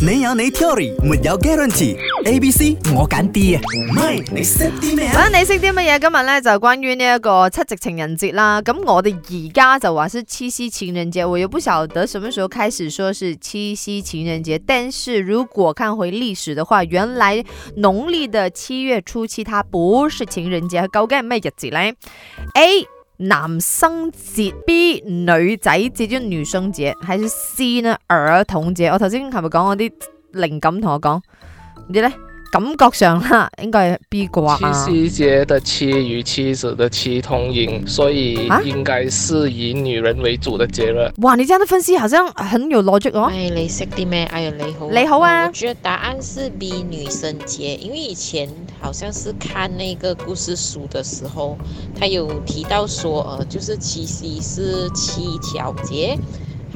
你有你 theory 沒有 guarantee。A、B、C 我揀 D 啊，MY 你識啲咩啊？你識啲乜嘢？今日咧就關於呢一個七夕情人節啦。咁我哋而家就話是七夕情人節，我又不曉得什麼時候開始說是七夕情人節。但是如果看回歷史的話，原來農曆的七月初七，它不是情人節，究竟係咩日子咧？A 男生節，B 女仔節即女生節，係 C 啊兒童節。我頭先係咪講嗰啲靈感同我講啲咧？你呢？感覺上吓，應該係 B 個啊。七夕節的七與妻子的妻同音，所以應該是以女人為主的節日。啊、哇，你這樣的分析好像很有邏輯哦。哎，你識啲咩？哎呀，你好，你好啊。我覺得答案是 B，女生節，因為以前好像是看那個故事書的時候，他有提到說，呃，就是七夕是七巧節。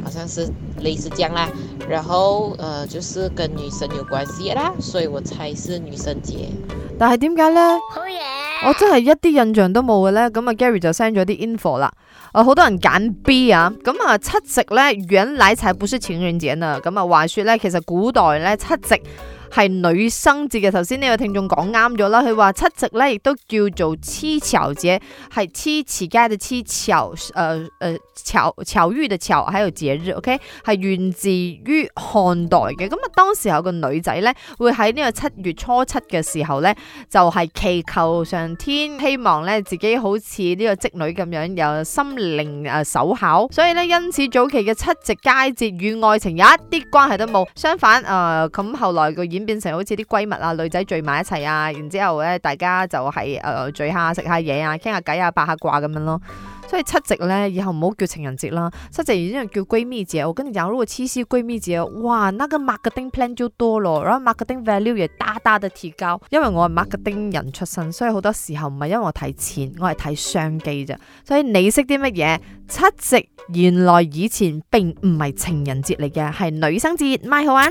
好像是類似這樣啦，然後，呃，就是跟女神有關係啦，所以我猜是女神節。但係點解呢？好嘢！我真係一啲印象都冇嘅呢。咁啊 Gary 就 send 咗啲 info 啦。啊、呃，好多人揀 B 啊。咁啊七夕呢，原來唔係情人節啊。咁啊，話說呢，其實古代呢，七夕，係女生節嘅，頭先呢個聽眾講啱咗啦，佢話七夕咧，亦都叫做乞巧節，係乞乞家嘅乞巧，誒誒巧巧手嘅巧喺度節日，OK，係源自於漢代嘅，咁啊當時候個女仔咧，會喺呢個七月初七嘅時候咧就係、是、祈求上天，希望咧自己好似呢個織女咁樣有心靈誒、呃、手巧，所以咧，因此早期嘅七夕佳節與愛情有一啲關係都冇，相反誒咁、呃、後來個演變成好似啲閨蜜啊，女仔聚埋一齊啊，然之後咧，大家就係誒聚下、食下嘢啊、傾下偈啊、八下卦咁樣咯。所以七夕咧，以後唔好叫情人節啦，七夕已經叫閨蜜節。我跟住有嗰個痴痴閨蜜節，哇，那個 marketing plan 就多咯，然後 marketing value 也大大地提高。因為我係 marketing 人出身，所以好多時候唔係因為我睇錢，我係睇商機啫。所以你識啲乜嘢？七夕原來以前並唔係情人節嚟嘅，係女生節，咪好玩？